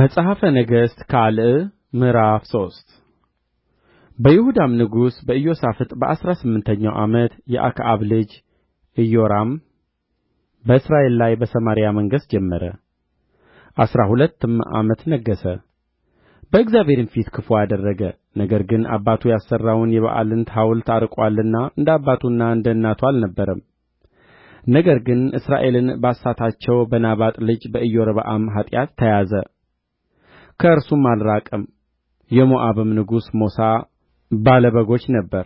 መጽሐፈ ነገሥት ካልዕ ምዕራፍ ሶስት በይሁዳም ንጉሥ በኢዮሣፍጥ በአሥራ ስምንተኛው ዓመት የአክዓብ ልጅ ኢዮራም በእስራኤል ላይ በሰማርያ መንገሥ ጀመረ። አሥራ ሁለትም ዓመት ነገሠ። በእግዚአብሔርም ፊት ክፉ አደረገ። ነገር ግን አባቱ ያሠራውን የበኣልን ሐውልት አርቆአልና እንደ አባቱና እንደ እናቱ አልነበረም። ነገር ግን እስራኤልን ባሳታቸው በናባጥ ልጅ በኢዮርብዓም ኃጢአት ተያዘ። ከእርሱም አልራቀም የሞዓብም ንጉሥ ሞሳ ባለ በጎች ነበረ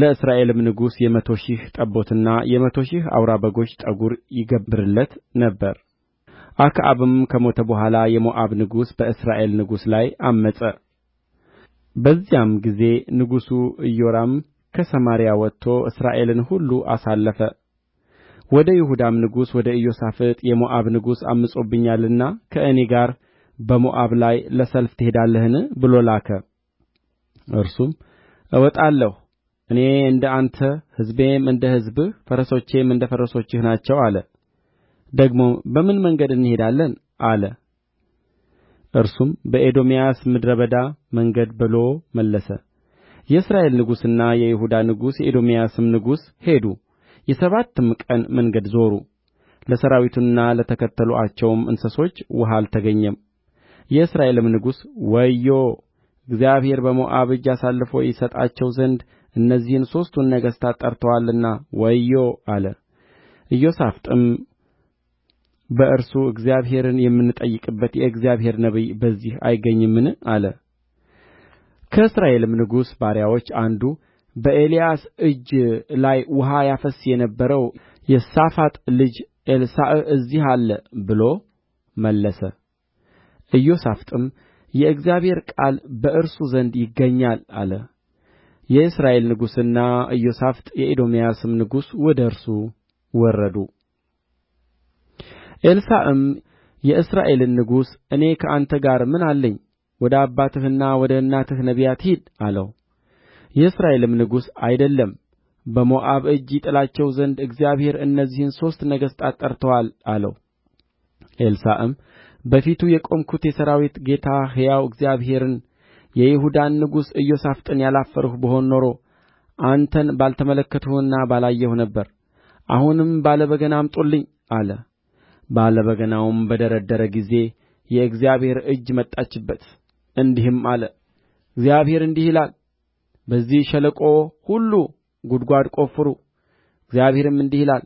ለእስራኤልም ንጉሥ የመቶ ሺህ ጠቦትና የመቶ ሺህ አውራ በጎች ጠጕር ይገብርለት ነበር አክዓብም ከሞተ በኋላ የሞዓብ ንጉሥ በእስራኤል ንጉሥ ላይ ዐመፀ በዚያም ጊዜ ንጉሡ ኢዮራም ከሰማርያ ወጥቶ እስራኤልን ሁሉ አሳለፈ ወደ ይሁዳም ንጉሥ ወደ ኢዮሣፍጥ የሞዓብ ንጉሥ ዐምፆብኛልና ከእኔ ጋር በሞዓብ ላይ ለሰልፍ ትሄዳለህን ብሎ ላከ እርሱም እወጣለሁ እኔ እንደ አንተ ሕዝቤም እንደ ሕዝብህ ፈረሶቼም እንደ ፈረሶችህ ናቸው አለ ደግሞም በምን መንገድ እንሄዳለን አለ እርሱም በኤዶምያስ ምድረ በዳ መንገድ ብሎ መለሰ የእስራኤል ንጉሥና የይሁዳ ንጉሥ የኤዶምያስም ንጉሥ ሄዱ የሰባትም ቀን መንገድ ዞሩ ለሠራዊቱና ለተከተሉአቸውም እንስሶች ውኃ አልተገኘም የእስራኤልም ንጉሥ ወዮ እግዚአብሔር በሞዓብ እጅ አሳልፎ ይሰጣቸው ዘንድ እነዚህን ሦስቱን ነገሥታት ጠርቶአልና ወዮ አለ ኢዮሣፍጥም በእርሱ እግዚአብሔርን የምንጠይቅበት የእግዚአብሔር ነቢይ በዚህ አይገኝምን አለ ከእስራኤልም ንጉሥ ባሪያዎች አንዱ በኤልያስ እጅ ላይ ውኃ ያፈስ የነበረው የሳፋጥ ልጅ ኤልሳዕ እዚህ አለ ብሎ መለሰ ኢዮሣፍጥም የእግዚአብሔር ቃል በእርሱ ዘንድ ይገኛል አለ የእስራኤል ንጉሥና ኢዮሣፍጥ የኤዶምያስም ንጉሥ ወደ እርሱ ወረዱ ኤልሳዕም የእስራኤልን ንጉሥ እኔ ከአንተ ጋር ምን አለኝ ወደ አባትህና ወደ እናትህ ነቢያት ሂድ አለው የእስራኤልም ንጉሥ አይደለም በሞዓብ እጅ ይጥላቸው ዘንድ እግዚአብሔር እነዚህን ሦስት ነገሥታት ጠርቶአል አለው ኤልሳዕም በፊቱ የቆምሁት የሠራዊት ጌታ ሕያው እግዚአብሔርን የይሁዳን ንጉሥ ኢዮሣፍጥን ያላፈርሁ ብሆን ኖሮ አንተን ባልተመለከትሁና ባላየሁ ነበር አሁንም ባለ በገና አምጡልኝ አለ ባለ በገናውም በደረደረ ጊዜ የእግዚአብሔር እጅ መጣችበት እንዲህም አለ እግዚአብሔር እንዲህ ይላል በዚህ ሸለቆ ሁሉ ጕድጓድ ቈፍሩ እግዚአብሔርም እንዲህ ይላል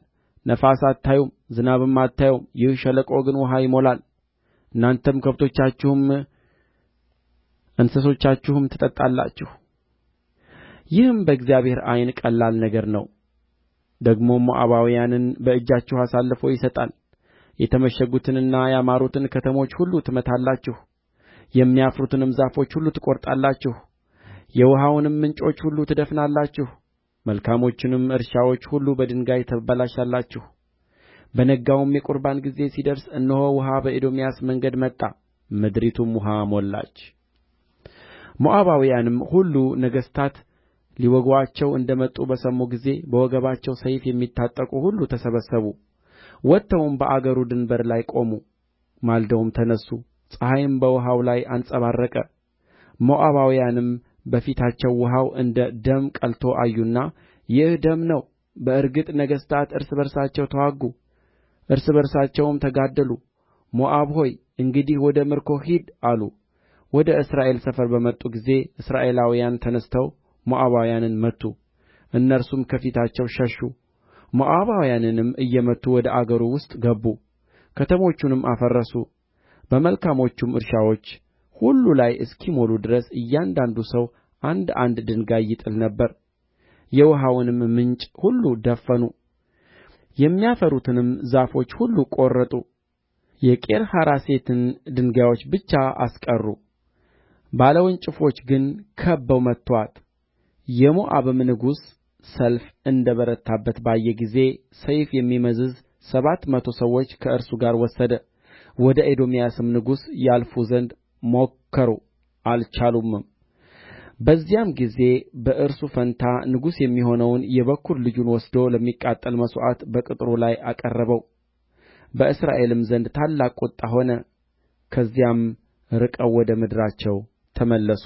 ነፋስ አታዩም ዝናብም አታዩም ይህ ሸለቆ ግን ውኃ ይሞላል እናንተም ከብቶቻችሁም እንስሶቻችሁም ትጠጣላችሁ ይህም በእግዚአብሔር ዓይን ቀላል ነገር ነው ደግሞም ሞዓባውያንን በእጃችሁ አሳልፎ ይሰጣል የተመሸጉትንና ያማሩትን ከተሞች ሁሉ ትመታላችሁ የሚያፍሩትንም ዛፎች ሁሉ ትቈርጣላችሁ የውኃውንም ምንጮች ሁሉ ትደፍናላችሁ መልካሞቹንም እርሻዎች ሁሉ በድንጋይ ታበላሻላችሁ በነጋውም የቍርባን ጊዜ ሲደርስ እነሆ ውኃ በኤዶምያስ መንገድ መጣ ምድሪቱም ውኃ ሞላች ሞዓባውያንም ሁሉ ነገሥታት ሊወጉአቸው እንደ መጡ በሰሙ ጊዜ በወገባቸው ሰይፍ የሚታጠቁ ሁሉ ተሰበሰቡ ወጥተውም በአገሩ ድንበር ላይ ቆሙ ማልደውም ተነሡ ፀሐይም በውኃው ላይ አንጸባረቀ ሞዓባውያንም በፊታቸው ውኃው እንደ ደም ቀልቶ አዩና ይህ ደም ነው በእርግጥ ነገሥታት እርስ በርሳቸው ተዋጉ እርስ በርሳቸውም ተጋደሉ ሞዓብ ሆይ እንግዲህ ወደ ምርኮ ሂድ አሉ ወደ እስራኤል ሰፈር በመጡ ጊዜ እስራኤላውያን ተነሥተው ሞዓባውያንን መቱ እነርሱም ከፊታቸው ሸሹ ሞዓባውያንንም እየመቱ ወደ አገሩ ውስጥ ገቡ ከተሞቹንም አፈረሱ በመልካሞቹም እርሻዎች ሁሉ ላይ እስኪሞሉ ድረስ እያንዳንዱ ሰው አንድ አንድ ድንጋይ ይጥል ነበር የውኃውንም ምንጭ ሁሉ ደፈኑ የሚያፈሩትንም ዛፎች ሁሉ ቈረጡ የቂርሐራሴትን ድንጋዮች ብቻ አስቀሩ ባለ ወንጭፎች ግን ከብበው መቱአት የሞዓብም ንጉሥ ሰልፍ እንደ በረታበት ባየ ጊዜ ሰይፍ የሚመዝዝ ሰባት መቶ ሰዎች ከእርሱ ጋር ወሰደ ወደ ኤዶምያስም ንጉሥ ያልፉ ዘንድ ሞከሩ አልቻሉምም በዚያም ጊዜ በእርሱ ፋንታ ንጉሥ የሚሆነውን የበኵር ልጁን ወስዶ ለሚቃጠል መሥዋዕት በቅጥሩ ላይ አቀረበው በእስራኤልም ዘንድ ታላቅ ቍጣ ሆነ ከዚያም ርቀው ወደ ምድራቸው ተመለሱ